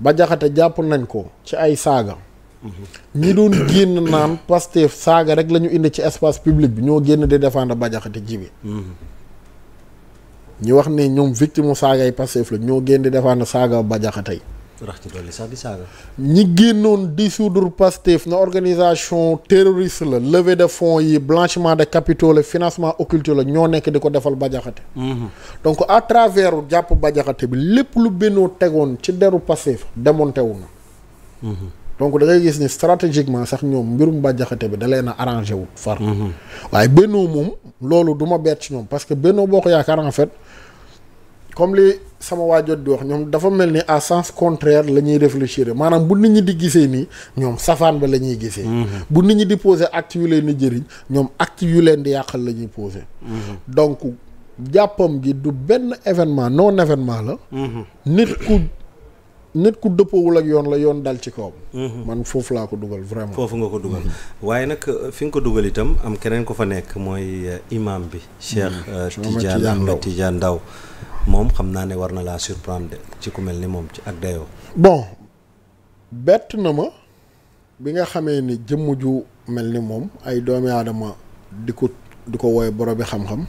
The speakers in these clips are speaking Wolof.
bajaxate jaxate jàpp nañ ko ci ay saaga ñi doon génn naan Pastef saaga rek lañu indi ci espace public bi ñoo génn di défendre bajaxate jaxate ñi wax ne ñoom victime saagay Pastef la ñoo génn di défendre saaga ba jaxate rax ci dolli sax di saaga. ñi génnoon dissoudre Pastef na organisation terroriste la levée de fonds yi blanchiment de capitaux la financement occulte la ñoo nekk di ko defal Bajaxate. Mhm. donc à travers jàpp Bajaxate bi lépp lu bennoo tegoon ci deru Pastef démonté wu na. Mhm. donc da ngay gis ni stratégiquement sax ñoom mbirum Bajaxate bi da leen a arrangé wut far. Mhm. waaye bennoo moom loolu du ma bett ci ñoom parce que bennoo boo ko yaakaar en fait. comme li sama waajoot di wax ñoom dafa mel ni à sens contraire la ñuy réfléchir maanaam bu nit ñi di gisee nii ñoom safaan ba la ñuy gisee. Mm-hmm. bu nit ñi di poser acte yu leen di jëriñ ñoom acte yu leen di yàqal la ñuy poser. Mm-hmm. donc jàppam gi du benn événement non événement la. Mm-hmm. nit ku nit ku dëppoowul ak yoon la yoon dal ci kawam. man foofu laa ko dugal vraiment. foofu nga ko dugal waaye nag euh, fi nga ko dugal itam am keneen ko fa nekk mooy euh, imam bi. Cheikh euh, Tidiane Ahmed Tidiane Ndao moom xam naa ne war na laa surprendre ci ku mel ni moom ci ak dayoo. bon bett na ma bi nga xamee ni jëmm ju mel ni moom ay doomi aadama di ko di ko woowee boroom bi xam-xam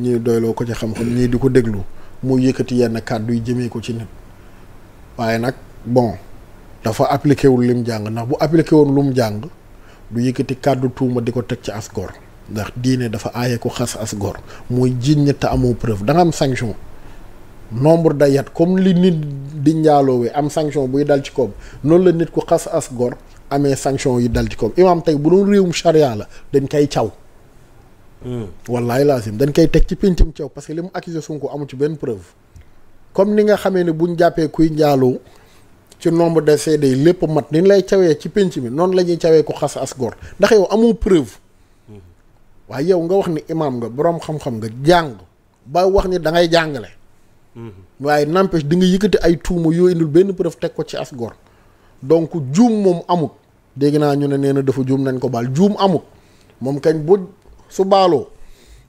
ñii doyloo ko ci xam-xam ñii di ko déglu mu yëkkati yenn kàddu yi jëmee ko ci nit waaye nag bon dafa appliqué wul mu jàng ndax bu appliqué woon lu mu jàng du yëkkati kàddu tuuma di ko teg ci as ndax diine dafa aaye ko xas asgor gor mooy ñett amu amoo preuve da nga am sanction. nombre da yat comme li nit di njaaloowee am sanction buy dal ci koom noonu la nit ku xas as gor amee sanction yi dal ci koom imaam tey bu doon réewum charia la dañ koy caw hmm. wallaay laasim dañ koy teg ci péncam caw parce que li mu accusé Sonko amul ci benn preuve comme ni nga xamee ne buñ jàppee kuy njaaloo ci nombre de CD lépp mat ni lay cawee ci pénc mi noonu la ñuy cawee ko xas as gor ndax yow amoo preuve hmm. waaye yow nga wax ni imaam nga boroom xam nga jàng ba wax ni da ngay jàngale waaye n'empêche di nga yëkkati ay tuuma yooyu indul benn preuve teg ko ci as gor donc juum moom amut dégg naa ñu ne nee na dafa juum nañ ko baal juum amut moom kañ bu su baaloo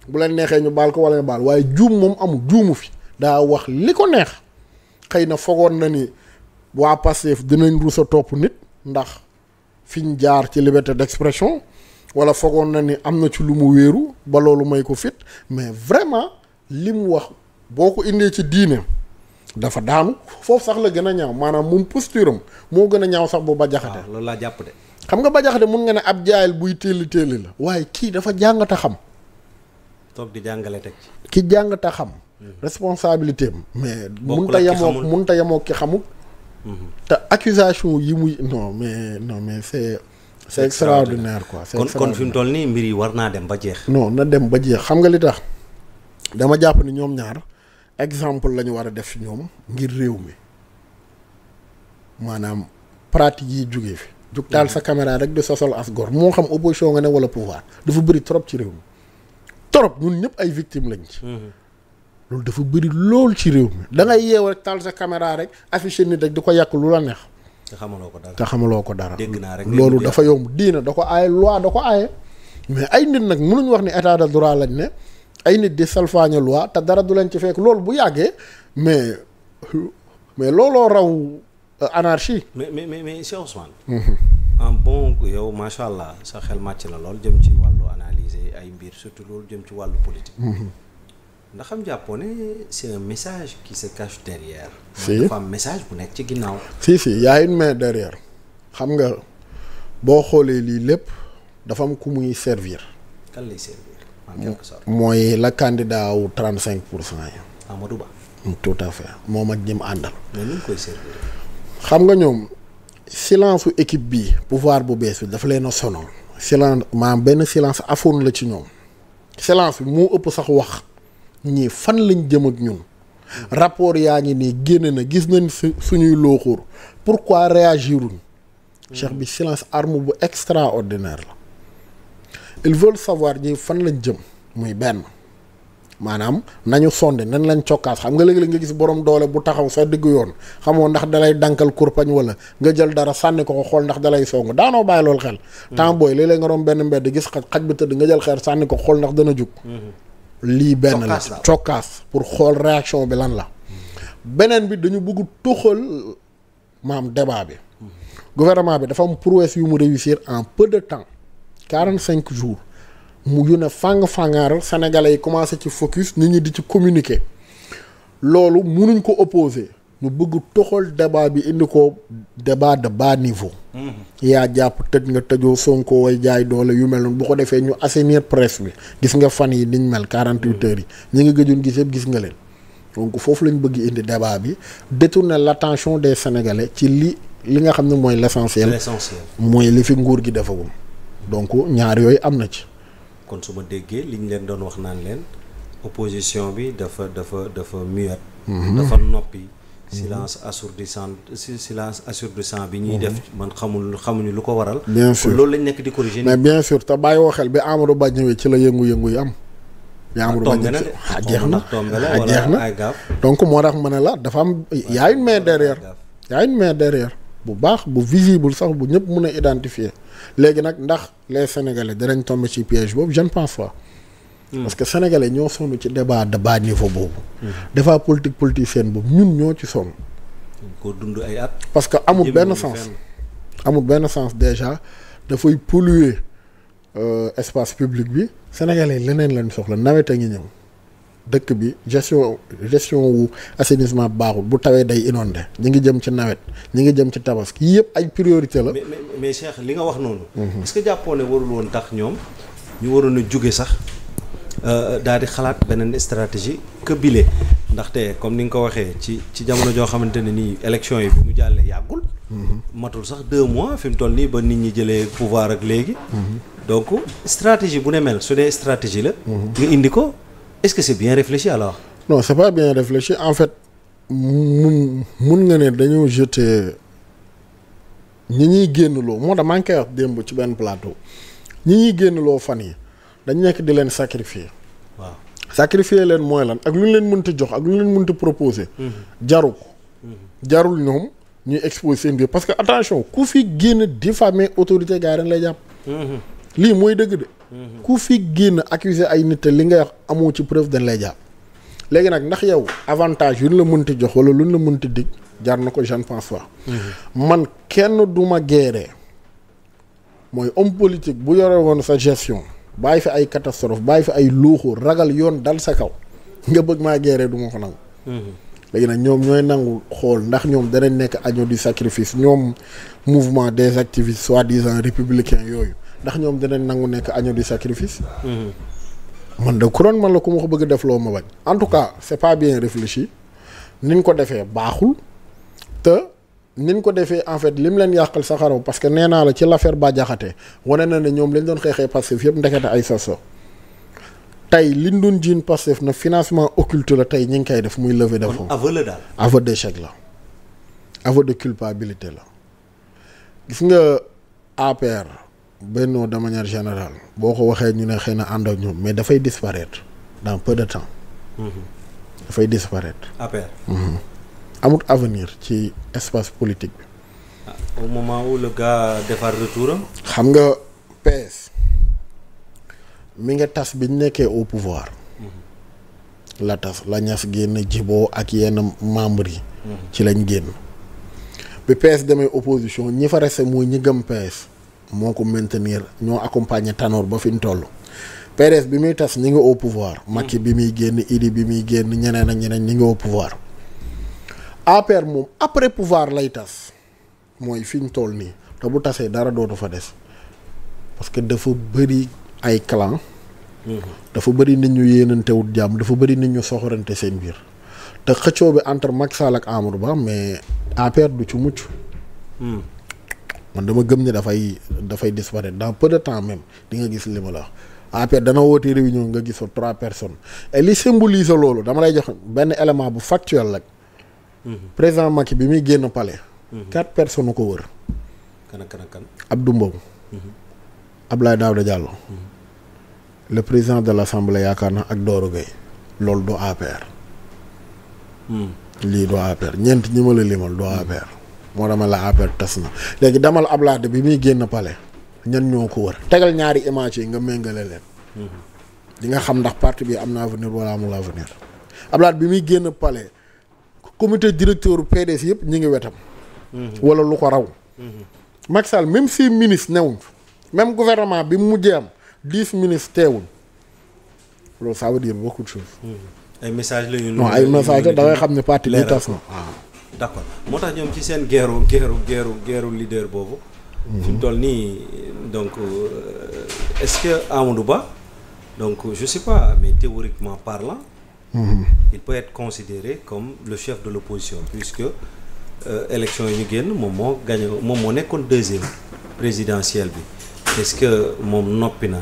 bu leen neexee ñu baal ko wala ñu baal waaye juum moom amut juumu fi daa wax li ko neex xëy na foogoon na ni waa Pastef dinañ rusa topp nit ndax fiñ jaar ci liberté d'expression wala foogoon na ni am na ci lu mu wéeru ba loolu may ko fit mais vraiment li mu wax boo ko indee ci diine dafa daanu foofu sax la gën a ñaaw maanaam moom posture moo gën a ñaaw sax bu ba jaxate ah, loolu laa jàpp xam nga ba jaxate mun nga ne ab jaayal buy téeli téeli la waaye kii dafa jàngata xam toog di jàngale teg ci ki jàngata xam responsabilité am mais munta yemoo munta yemoo ki xamul mhm. te accusation yi muy non mais non mais c'est c'est extraordinaire quoi c'est kon kon fi mu toll nii mbir yi war naa dem ba jeex non na dem ba jeex xam nga li tax dama jàpp ni ñoom ñaar exemple lañu war a def ñoom ngir réew mi maanaam pratique yi jógee fi jug taal sa caméra rek di sosol as gor moo xam opposition nga ne wala pouvoir dafa bëri trop ci réew mi trop ñun ñëpp ay victimes lañ ci loolu dafa bëri loolu ci réew mi da ngay yeew rek taal sa caméra rek affiché nit rek di ko yàq lu la neex te xamaloo ko dara te xamaloo ko dara dégg naa rek loolu dafa yomb diina da ko aaye loi da ko aaye mais ay nit nag mënuñ wax ni état de droit lañ ne ay nit di salfaañu loi te dara du leen ci fekk loolu bu yàggee mais mais looloo raw euh, anarchie. mais mais mais mais Cheikh Ousmane. Mhm. en bon yow macha allah sa xel màcc na lool jëm ci wàllu analyser ay mbir surtout loolu jëm ci wàllu politique. Mhm. ndax xam jàppoo ne c'est message qui se am message bu nekk ci ginnaaw. si si y mais une main xam nga boo xoolee lii lépp dafa am ku muy servir. servir. en quelque sorte mooy la candidat wu trente cinq pour cent yi. Amadou Ba. tout à moom ak ñi mu àndal. xam nga ñoom silence su équipe bi pouvoir bu bees bi dafa leen a sonal. silence maanaam benn silence afoon la ci ñoom. silence bi moo ëpp sax wax ñii fan lañ jëm ak ñun. rapport yaa ngi nii génn na gis nañ suñuy looxoor pourquoi réagiruñ cheikh bi silence arme bu extraordinaire la. ils veulent savoir ñi fan lañ jëm muy benn maanaam nañu sonde nan lañ cokkaas xam nga léeg-léeg nga gis borom doole bu taxaw sa diggu yoon xamoo ndax dalay dànkal kurpañ wala nga jël dara sànni ko ko xool ndax dalay song daanoo bàyyi loolu xel hmm. temps booy léeg-léeg nga doon benn mbedd gis xaj xaj bi tëdd nga jël xeer sànni ko xool ndax dana jug hmm. lii benn la cokkaas pour xool réaction bi lan la hmm. beneen bi dañu bëgg tuxal maam débat bi gouvernement bi dafa am prouesse yu en peu de temps quarante cinq jours mu yónne fàng-fàngaaral sénégalais yi commencé ci focus nit ñi di ci communiquer loolu mu munuñ ko opposer ñu bëgg toxal débat bi indi ko débat de bas niveau mhm. yaa jàpp tëj nga tëjoo Sonko way jaay doole yu mel noonu bu ko defee ñu assainir presse bi gis nga fan yi niñ mel quarante huit heures yi ñu ngi gëjoon gis yëpp gis nga leen donc foofu lañ bëgg indi débat bi détourner latention des sénégalais ci li li nga xam ne mooy l'essentiel mooy li fi nguur gi defagum donc ñaar yooyu am na ci. kon su ma déggee li ñu leen doon wax naan leen opposition bi dafa dafa dafa muet. Mhm. dafa noppi. silence assourdissant silence assourdissant bi ñuy def mhm. man xamul xamuñu lu ko waral. bien sûr loolu lañ nekk di corriger. mais bien sûr te bàyyi woo xel bi Amadou Ba ñëwee ci la yëngu-yëngu yi am. yaa ngi doon jeex na ah, jeex na donc moo tax ma ne la dafa am y mais une main derrière y a une main derrière bu baax bu visible sax bu ñëpp mun a identifier léegi nag ndax les sénégalais dinañ tomber ci piège boobu je ne pense pas. Hmm. parce que sénégalais ñoo sonn ci débat de bas niveau boobu. Hmm. débat politique politicienne boobu ñun ñoo ci sonn. ko dund ay at. parce que amul benn sens amul benn sens déjà dafay polluer euh, espace public bi. sénégalais leneen lañ soxla nawet a ngi ñëw. dëkk bi gestion gestion wu assainissement baaxul bu tawee day inondé ñu ngi jëm ci nawet ñi ngi jëm ci kii yëpp ay priorité la. mais mais li nga wax noonu. Mhm. est-ce warul woon tax ñoom ñu waroon a jóge sax euh, daal di xalaat beneen stratégie que ndaxte comme ni nga ko waxee ci ci jamono joo xamante ne nii élection yi bi mu jàllee yàggul. Mhm. matul sax deux mois fi mu toll nii ba nit ñi jëlee pouvoir ak léegi. Mhm. donc stratégie bu ne mel su dee stratégie la. indi ko. est-ce que c'est bien réfléchi alors. non c'est pas bien réfléchi en fait mun mun nga ne dañoo jeter ñi ñuy génnloo moo tax maa ngi koy démb ci benn plateau ñi ñuy génnloo fan yi dañ nekk di leen sacrifier. waaw sacrifier leen mooy lan ak lu ñu leen mënti jox ak lu ñu leen mënti proposer. Mhm. jaru ko mhm. jarul ñoom ñuy exposer seen biir parce que attention ku fi génn diffamer autorité gars yi dañ lay jàpp. Mhm. lii mooy dëgg de. ku fi génn accuser ay nit li nga yax amoo ci preuve dañ lay jàpp. léegi nag ndax yow avantage yu ñu la mënti jox wala lu ñu la mënti dig jar na ko je ne mhm. man kenn du ma mooy homme politique bu yore woon sa gestion bàyyi fi ay catastrophe bàyyi fi ay luuxu ragal yoon dal sa kaw nga bëgg maa géeree du ma ko nangu. Mhm. léegi nag ñoom ñooy nangu xool ndax ñoom danañ nekk agneau du sacrifice ñoom mouvement des activistes soi-disant républicains yooyu. ndax ñoom dinañ nangu nekk agneau du sacrifice. Mhm. man de couronne man la ku ma ko bëgg def loo ma bañ. en tout cas c'est pas bien réfléchi niñ ko defee baaxul te niñ ko defee en fait lim leen yàqal sa xaraw parce que nee naa la ci l'affaire Bah Diakhaté wane na ne ñoom lañ doon xeexee Pastef yëpp ndekete ay sa so tey liñ doon jiin Pastef na financement occulte la tey ñi ngi koy def muy levée de fonds. kon aveu la daal. aveu d'échec la de culpabilité la gis nga APR. Benno de manière générale boo ko waxee ñu ne xëy na ànd ak ñoom mais dafay disparaître dans peu de temps. Mm-hmm. dafay disparaître. APR. Mm-hmm. amut avenir ci espace politique bi. Ah, moment où le gars defar retour xam nga PS mi nga tas bi ñu nekkee au pouvoir. Mm-hmm. la tas la ñas génn jiboo ak yenn membres yi. ci lañ génn. bi PS demee opposition ñi fa reste mooy ñi gëm moo ko maintenir ñoo accompagner Tanor ba fi mu toll. PDS bi muy tas ñi ngi au pouvoir. bi muy génn Idi bi muy génn ñeneen ak ñeneen ñi ngi au pouvoir. APR moom après pouvoir lay tas mooy fi ñu toll nii te bu tasee dara dootu fa des parce que dafa bëri ay clan dafa bëri nit ñu yéenantewut jàmm dafa bëri nit ñu soxorante seen biir. te xëccoo bi entre Macky Sall ak Amadou Ba mais APR du ci mucc. Hmm. man dama gëm ne dafay dafay disparaître dans peu de temps même di nga gis li la wax APR dana woote réunion nga gis fa trois personnes et li symbolise loolu dama lay jox benn élément bu factuel rek. Mhm. président Macky bi muy génn palais. Mhm. quatre personnes ko wër. kan ak kan ak kan. Abdou Mbow. Mhm. Abdoulaye Daouda Diallo. le président de l' assemblée yaakaar na ak Doro Gueye loolu du APR. lii du APR ñeent ñi ma la limal du APR. moo dama la APR tas na léegi damal Ablaye bi muy génn pale ñan ñoo ko wër tegal ñaari image yi nga méngale leen. di nga xam ndax parti bi am na avenir wala amul avenir Ablaye bi muy génn pale comité directeur PDS yëpp ñu ngi wetam. wala lu ko raw. Macky Sall même si ministre newuñ même gouvernement bi mu mujjee am dix ministres teewul loolu ça veut dire beaucoup de choses. ay messages la ñu. ay messages da xam ne parti bi tas na. Ah. d' accord moo tax ñoom ci seen geeru geeru geeru geeru leader boobu. fi mhm. nii donc euh, est ce que Amadou Ba donc je sais pas mais théoriquement parlant. Mmh. il peut être considéré comme le chef de l' opposition puisque euh, élection yi ñu génn moom moo gagné moom moo nekkoon deuxième présidentielle bi est ce que moom noppi na.